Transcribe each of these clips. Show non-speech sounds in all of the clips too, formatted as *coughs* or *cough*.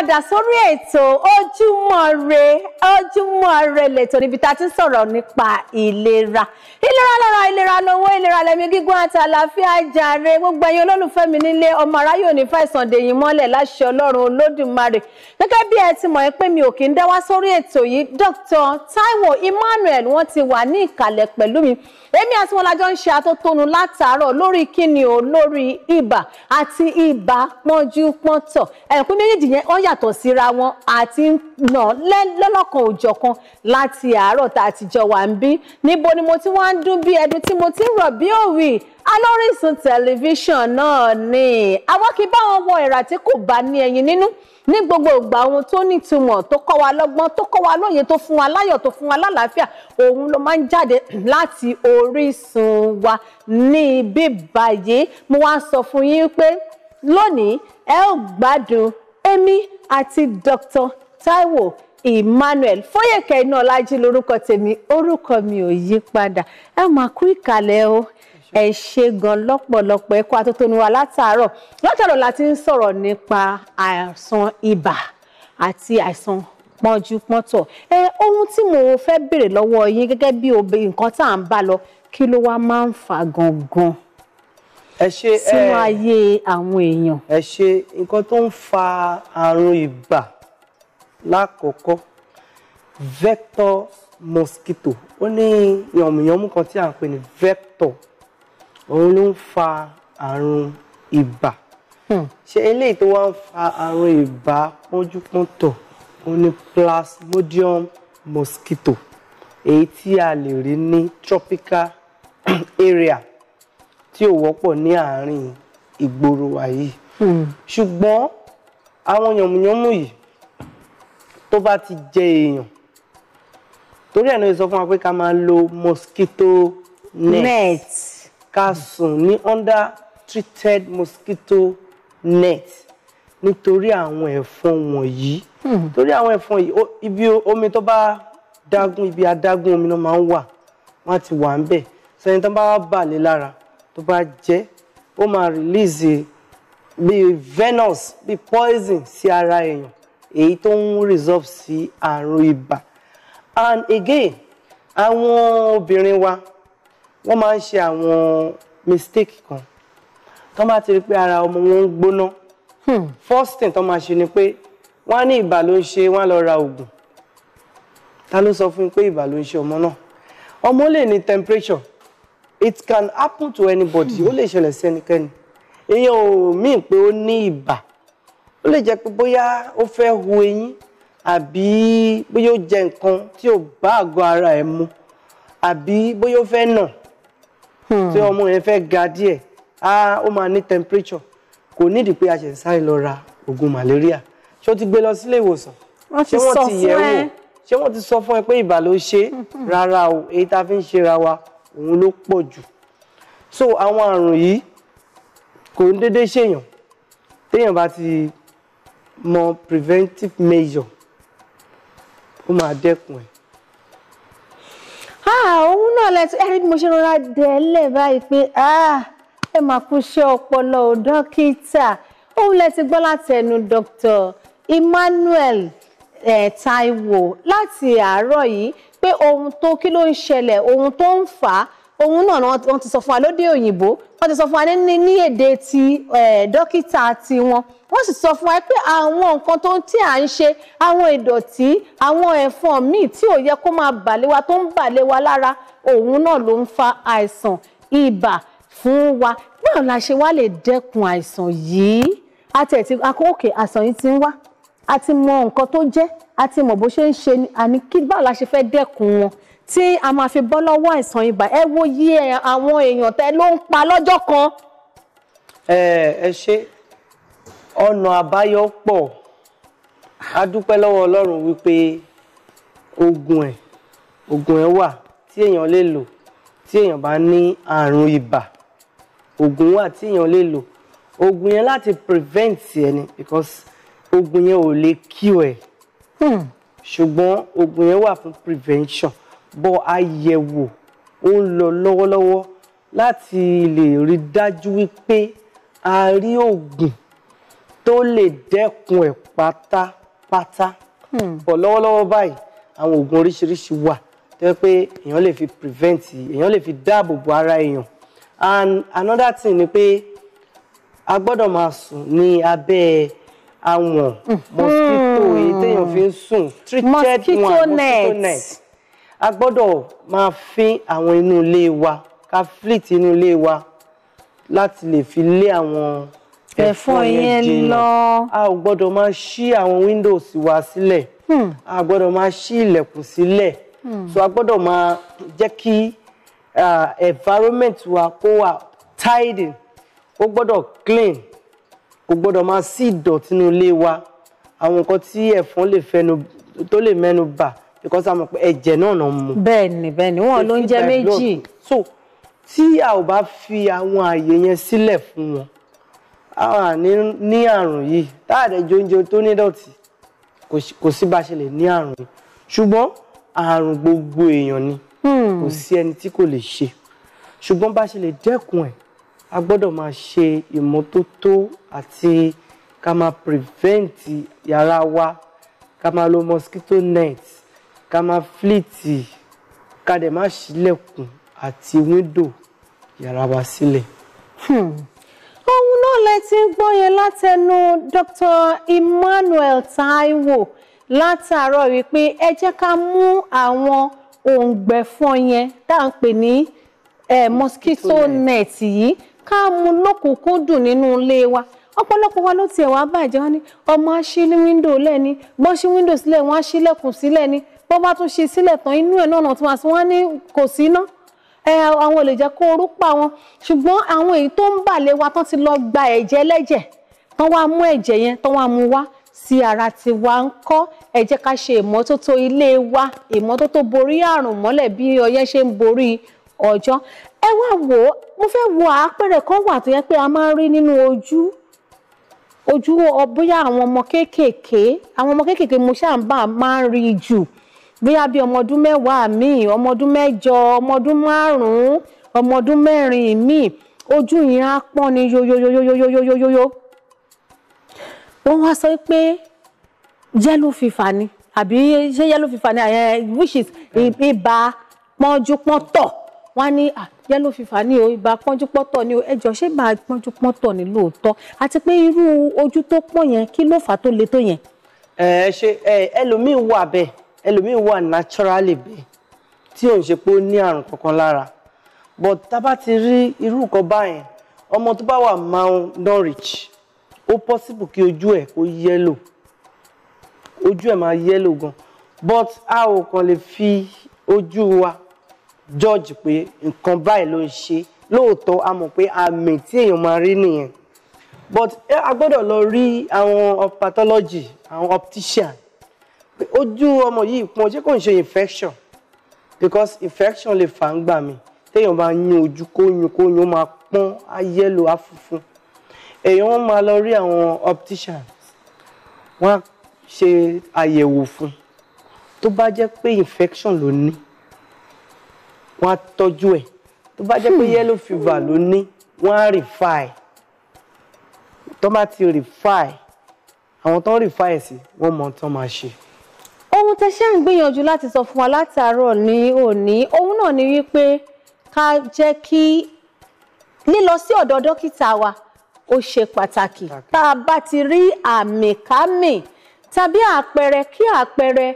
padà sórí ètò ojúmọ́ re ojúmọ́ re lẹ́tọ̀ níbi tá a ti ń sọ̀rọ̀ nípa ìlera ìlera lára ìlera lọ́wọ́ ìlera lẹ́mí gígùn àti àlàáfíà jàre gbogbo ẹ̀yin olólùfẹ́ mi nílé ọmọ aráyò ní fàìsàn dèyìn mọ́lẹ̀ láṣẹ Ọlọ́run Olódùmarè gẹ́gẹ́ bí ẹ ti mọ̀ pé mi ò kì í dá sórí ètò yìí Dr. Taiwo Emmanuel wọ́n ti wà ní ìkàlẹ̀ pẹ̀lú mi èmi àti wọn lájọ ń ṣe àtótónu látàárọ̀ lórí kíni o lórí ibà àti ibà pọ́njú pọ́ntọ̀ ẹ̀kú méjèèjì yẹn wọ́n yà yàtọ̀ síra wọn àti nà lọ́lọ́kan òjọ̀kan láti àárọ̀ tá a ti jọ wà ń bí níbo ni mo ti wá ń dún bí ẹdun tí mo ti ń rọ̀ bí òwì alórísun tẹlifíṣàn náà ni àwọn kì í bá wọn wọ ìrà tí kò bá ní ẹyin nínú ní gbogbo ìgbà ohun tó nítumọ̀ tó kọ́ wa lọ́gbọ́n tó kọ́ wa lóye tó fún wa láyọ̀ tó fún wa lálàáfíà òun ló máa ń jáde láti Orísun wa ní ibi báyìí mo wá sọ fún yín pé lónìí ẹ ó gbádùn èmi àti Dr. Taiwo Emmanuel Fóyèkẹ́ Ináolájí lórúkọ tèmi orúkọ mi ò yí padà ẹ máa kú ìkàlẹ̀ o ẹ ṣe gan lọ́pọ̀lọpọ̀ ẹ̀kọ́ atótónu wa látàárọ̀ lọ́tọ̀ọ̀rọ̀ la ti ń sọ̀rọ̀ nípa àìsàn ibà àti àìsàn pọ́njúpọ́ntọ̀ ẹ ohun tí mo fẹ́ béèrè lọ́wọ́ yín gẹ́gẹ́ bí nǹkan tá à ń bá lọ kí ló wá máa ń fà gangan ẹ ṣe ẹ sínú ayé àwọn èèyàn. ẹ ṣe nǹkan tó ń fa àrùn ibà lákòókò vector mosquito ó ní yànmùyànmù kan tí à ń pè ní vector òun ló ń fa àrùn ibà hmm. ṣé eléyìí tó wá ń fa àrùn ibà pọ́njúpọ́ntọ̀ ó ní plasmodium mosquito èyí tí a lè rí ní tropical *coughs* area tí ò wọ́pọ̀ ní àárín ìgboro wa yìí hmm. ṣùgbọ́n àwọn yànmùyánmù yìí tó bá ti jẹ èèyàn torí ẹ̀ náà sọ fún wa pé ká máa lo mosquito net, net. ká sùn ní under treated mosquito net nítorí àwọn ẹ̀fọn wọ̀nyí hmm. torí àwọn ẹ̀fọn yìí ibi omi tó bá dágún ibi adágún omi náà máa ń wà wọ́n á ti wà ń bẹ̀ sẹ́ni tó bá wà bà lára tó bá jẹ́ ó máa release bíi venous bíi poison sí ara èèyàn èyí tó ń resolve sí àrùn ibà and again àwọn obìnrin wa wọ́n máa ń ṣe àwọn mistake kan tó bá ti rí pé ara ọmọ wọn ń gbóná hmm. first thing tó máa ṣe ni pé wọ́n á ní ibà ló ń ṣe wọ́n á lọ ra oògùn ta ló sọ fún un pé ibà ló ń ṣe ọmọ náà ọmọ lè ní temperature it can happen to anybody O le ṣẹlẹ̀ sí ẹnikẹ́ni èèyàn ò míì pé ó ní ibà ó lè jẹ́ pé bóyá ó fẹ́ hu eyín àbí bóyá ó jẹ nǹkan tí ò bá àgọ́ ara ẹ̀ mu àbí bóyá ó fẹ́ nà hmm. tí ọmọ yẹn fẹ́ ga díẹ̀ á ó máa ní temperature ko nídìí pé a ṣe ń sáré lọ ra oògùn malaria ṣé ó ti gbé lọ sílé ìwòsàn ṣé wọ́n ti yẹ̀ wò ṣé wọ́n ti sọ fún ẹ pé ibà ló ṣe hmm. rárá o èyí tá fi ń ṣera wa òun ló pọ̀ jù so àwọn àrùn yìí kò ń dédé ṣèyàn téèyàn bá ti mọ preventive measure ó máa dẹ́kun ẹ̀. Ah, òun náà lẹ́tọ́ ẹ̀rí bí mo ṣe rọra dẹ̀ lẹ̀ báyìí pé ah, ẹ máa kú iṣẹ́ ọpọlọ ò dókítà òun lẹ ti gbọ́ láti ẹnu Dr. Emmanuel eh, Taiwo láti àárọ̀ yìí pé ohun tó kí ló ń ṣẹlẹ̀ ohun tó ń fà á ohun náà wọ́n ti sọ fún wa lóde òyìnbó wọ́n ti sọ fún wa ní ní èdè ti dókítà tiwọn wọ́n sì sọ fún wa pé àwọn nǹkan tó tí à ń ṣe àwọn ìdọ̀tí àwọn ẹ̀fọn míì tí ò yẹ kó máa bàlẹ̀ wa tó ń bàlẹ̀ wa lára òun náà ló ń fa àìsàn ibà fún wa báwo la ṣe wá lè dẹ́kun àìsàn yìí àti ẹ̀ tí akókè àìsàn yìí ti ń wá a ti mọ nǹkan tó jẹ́ a ti mọ̀ bó ṣe ń ṣe àní kí báwo la ṣe fẹ́ dẹ́kun wọn tí a máa fi bọ́ lọ́wọ́ àìsàn ibà ẹ wo yí àwọn èèyàn tẹ ló ń pa lọ́jọ́ kan. ẹ ẹ ṣe ọ̀nà àbáyọ pọ̀ a dúpẹ́ lọ́wọ́ Ọlọ́run wípé oògùn ẹ̀ oògùn ẹ̀ wà tí èèyàn lè lò tí èèyàn bá ní àrùn ibà oògùn wà tí èèyàn lè lò oògùn yẹn láti prevent ẹni because oògùn yẹn ò lè cure ẹ̀ hmm. ṣùgbọ́n oògùn yẹn wà fún prevention bọ́ àyẹ̀wò ó ń lọ lọ́wọ́lọ́wọ́ láti lè rí dájú wípé a rí oògùn tó lè dẹ́kun ẹ̀ pátápátá hmm. bọ̀ lọ́wọ́lọ́wọ́ báyìí àwọn oògùn oríṣiríṣi wà tó yẹ pé èèyàn lè fi prevent èèyàn lè fi dáàbò bo ara èèyàn and another thing ni pé a gbọ́dọ̀ máa sùn ní abẹ́ àwọn hmm. mosquito èyí téèyàn fi ń sùn treated one mosquito net a gbọ́dọ̀ máa fín àwọn inú ilé wa ká flit inú ilé wa láti lè fi lé àwọn ẹ̀fọn yẹn lọ a ò gbọ́dọ̀ máa ṣí àwọn windows wa sílẹ̀ hmm. a gbọ́dọ̀ máa ṣí ilẹ̀kùn sílẹ̀ hmm. so a gbọ́dọ̀ máa jẹ́ kí ah, environment wa kó wà tidy ó gbọ́dọ̀ clean kò gbọ́dọ̀ máa sí ìdọ̀tí inú ilé wa àwọn nǹkan tí ẹ̀fọn lè fẹnu tó lè mẹ́nu bà because a mọ̀ ẹ̀jẹ̀ náà nà mú. bẹ́ẹ̀ni bẹ́ẹ̀ni wọn ló ń jẹ méjì. so tí a ò bá fi àwọn àyè yẹn sílẹ̀ fún wọn a ní àrùn yìí táàdẹjọ oúnjẹ tó ní ìdọ̀tí kò sí bá a ṣe lè ní àrùn yìí ṣùgbọ́n àrùn gbogbo èèyàn ni hmm. kò sí ẹni tí kò lè ṣe ṣùgbọ́n bá a ṣe lè dẹ́kun ẹ̀ a gbọ́dọ̀ máa ṣe ìmọ́tótó àti ká máa prevent yàrá wa ká máa lo mosquito net ká máa fliti ká dẹ̀ má ṣílẹ̀kùn àti wíńdò yàrá wa sílẹ̀. Hmm ohun náà lẹ ti ń gbọ́ yẹn látẹnu Dr. Emmanuel Taiwo látàárọ̀ wípé ẹ jẹ́ ká mú àwọn òǹgbẹ̀fọn yẹn tá à ń pè ní eh, mosquito net yìí ká mú lọ́kùnkúndùn nínú ilé wa ọ̀pọ̀lọpọ̀ wa ló tiẹ̀ wá bàjẹ́ wọn ni ọmọ á ṣí wíńdò lẹ́ni bọ́n ṣí wíńdò sílẹ̀ wọ́n á ṣí lẹ́kùn sílẹ̀ ni bọ́n bá tún ṣe sílẹ̀ tán inú ẹ̀ náà tún wá sí wọ́n ní kò sí ná àwọn olè jẹ́ kó orú pa wọn ṣùgbọ́n àwọn èyí tó ń bàlẹ̀ wa tán ti lọ gba ẹ̀jẹ̀ lẹ́jẹ̀ tán wá mú ẹ̀jẹ̀ yẹn tán wá mú wá sí ara tí wa ń kọ́ ẹ ká ṣe ìmọ́tótó ilé wa ìmọ́tótó borí àrùn mọ́lẹ̀ bí ọyẹ́ ṣe ń borí ọjọ́ ẹ wá wò ó mo fẹ́ wo àpẹẹrẹ kan wà tó yẹ pé a máa ń rí nínú ojú ojú bóyá àwọn ọmọ kéékèèké àwọn ọmọ kéékèèké mo ṣáà ń bá máa ń rí jù bóyá bíi ọmọ ọdún mẹ́wàá míì ọmọ ọdún mẹ́jọ ọmọ ọdún márùn-ún ọmọ ọdún mẹ́rin míì ojú yẹn á pọ́n ni yoyoyoyoyoyoyoyoyo wọ́n wá sọ pé yellow fever ni àbí ṣé yellow fever ni eh, which is ibà pọ́njú pọ́ntọ̀ wọ́n á ní ah, yellow fever ní o ibà pọ́njú pọ́ntọ̀ ní o ẹjọ́ ṣé ibà pọ́njú pọ́ntọ̀ ní lóòótọ́ àti pé irú ojú tó pọ́n yẹn kí ló fà á tó le tó yẹn. ẹ ṣe ẹlòmíín wà bẹ́ẹ̀ ẹlòmíín wà naturally bẹ́ẹ̀ tí ò ń ṣe pé ó ní àrùn kankan lára but tá a bá ti rí irú nǹkan báyẹn ọmọ tó bá wà mount norwich ó possible kí ojú ẹ̀ kó yellow ojú ẹ̀ máa yellow gan but a ò kàn lè fi ojú wa George, pé nǹkan báyìí ló ń ṣe lóòótọ́ a mọ̀ pé àmì tí èèyàn máa rí nìyẹn but a gbọ́dọ̀ lọ rí àwọn pathology àwọn optician ojú ọmọ yìí pọn ṣé kò ń ṣe infection because infection lè fà ń gbà mí téèyàn bá yún ojú kó yún kó yún ó máa pọ́n á yẹ́lò á funfun èèyàn wọn máa lọ rí àwọn optician wọn á ṣe àyẹ̀wò fún tó bá jẹ́ pé infection ló ní wọ́n á tọ́jú ẹ̀ tó bá jẹ́ pé hmm. yellow fever ló ní wọ́n á refine tó bá ti refine àwọn tó ń refine sí wọ́n mọ tó máa ṣe. ohun tẹ ṣe ń gbìyànjú láti sọ fún wa látàárọ̀ ní òní ohun náà ni wípé ká jẹ́ kí lílọ sí ọ̀dọ̀ dókítà wa ó ṣe pàtàkì tá a bá ti rí àmì kámì tàbí àpẹẹrẹ kí àpẹẹrẹ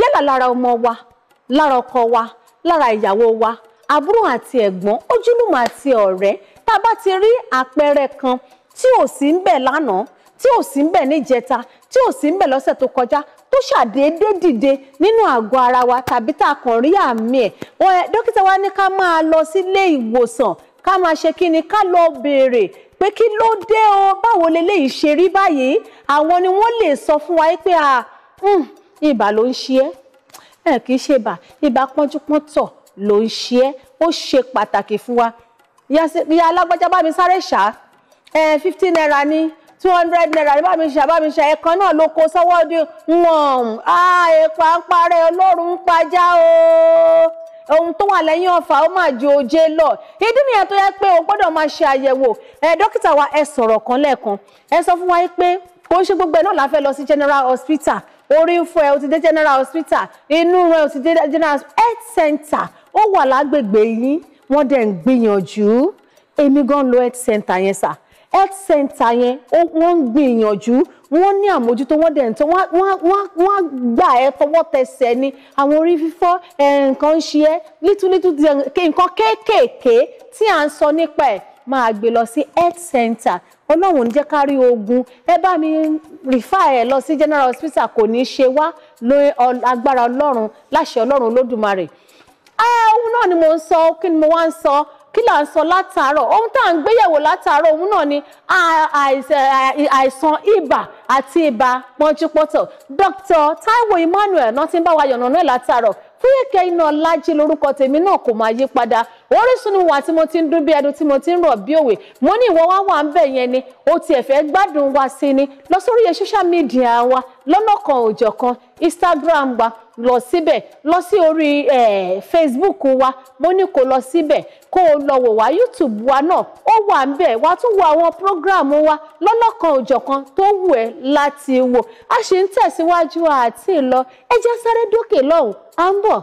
yálà lára ọmọ wa lára ọkọ wa lára ìyàwó wa àbúrò àti ẹ̀gbọ́n ojúlùmọ̀ àti ọ̀rẹ́ tá a bá ti rí àpẹẹrẹ kan tí ò sí ń bẹ̀ lánàá tí ò sí ń bẹ̀ níjẹta tí ò sí ń bẹ̀ lọ́sẹ̀ tó kọjá tó ṣàdédé dìde nínú àgọ́ ara wa tàbí tá a kàn rí àmì ẹ̀ wọn dókítà wa ní ká máa lọ sílé ìwòsàn ká máa ṣe kí ni ká lọ béèrè pé kí ló dé o báwo leléyìí ṣe rí báyìí àwọn ni wọ́n lè sọ fún wa pé hmm, ibà ló ń ṣe ẹ́ ẹ kì í ṣe ibà ibà pọ́njúpọ́ntọ̀ ló ń ṣe é ó ṣe pàtàkì fún wa ìyá alágbájá bá mi sáré ṣá ẹ fifteen naira ní two hundred naira ní bá mi ṣá bá mi ṣá ẹ̀kan náà ló kó sọ́wọ́ di wọ́n á èpa ń parẹ́ ọlọ́run ń pajá o ohun tó wà lẹ́yìn ọ̀fà ó máa ju oje lọ ìdí nìyẹn tó yẹ pé o gbọ́dọ̀ máa ṣe àyẹ̀wò ẹ dókítà wa ẹ sọ̀rọ̀ kan lẹ́ẹ̀kan ẹ sọ fún wa pé kò ń ṣe gbogbo ẹ náà la lọ sí general hospital orí ń fọ́ ẹ o ti dé general hospital inú rẹ o ti dé general health center ó wà lágbègbè yín wọ́n dẹ̀ ń gbìyànjú èmi gan lo health center yẹn sà health center yẹn wọ́n ń gbìyànjú wọ́n ní àmójútó wọ́n dẹ̀ ń tọ́ wọ́n gbà ẹ́ tọwọ́ tẹsẹ̀ ni àwọn orí fífọ́ nǹkan ń ṣe ẹ́ lítúlítú nǹkan kéékèèké tí à ń sọ nípa ẹ̀ máa gbé lọ sí health center ọlọ́run ní jẹ́ ká rí ogun ẹ bá mi rìfà ẹ lọ sí general hospital kò ní í ṣe wá lórí agbára ọlọ́run láṣẹ ọlọ́run lódùmarè ohun náà ni mo ń sọ kí ni mo wá ń sọ kí là ń sọ látàárọ̀ ohun tá à ń gbéyẹ̀wò látàárọ̀ òun náà ni àìsàn ibà àti ibà pọ́njúpọ́tọ̀ Dr. Taiwo Emmanuel náà ti ń bá wa yànnàná ẹ̀ látàárọ̀ Fúyẹ́kẹ́ Ináolájí lórúkọ tèmi náà kò máa yí padà Orísun ni wà tí mo ti ń dún bí ẹdun tí mo ti ń rọ̀ bí òwe mo ní ìwọ wá wà ń bẹ̀ yẹn ni ó tiẹ̀ fẹ́ gbádùn wa sí ni lọ sórí social media wa lọ́nà kan òjọ̀ kan Instagram wa lọ síbẹ̀ lọ sí orí Facebook wa mo ní kó lọ síbẹ̀ kó o lọ wò wá YouTube wa náà ó wà ń bẹ̀ wá tún wo àwọn program wa lọ́lọ́kan òjọ̀kan tó wù ẹ́ láti wò a sì ń tẹ̀síwájú àti ìlọ ẹ jẹ́ sáré dókè lọ́hùn à ń bọ̀.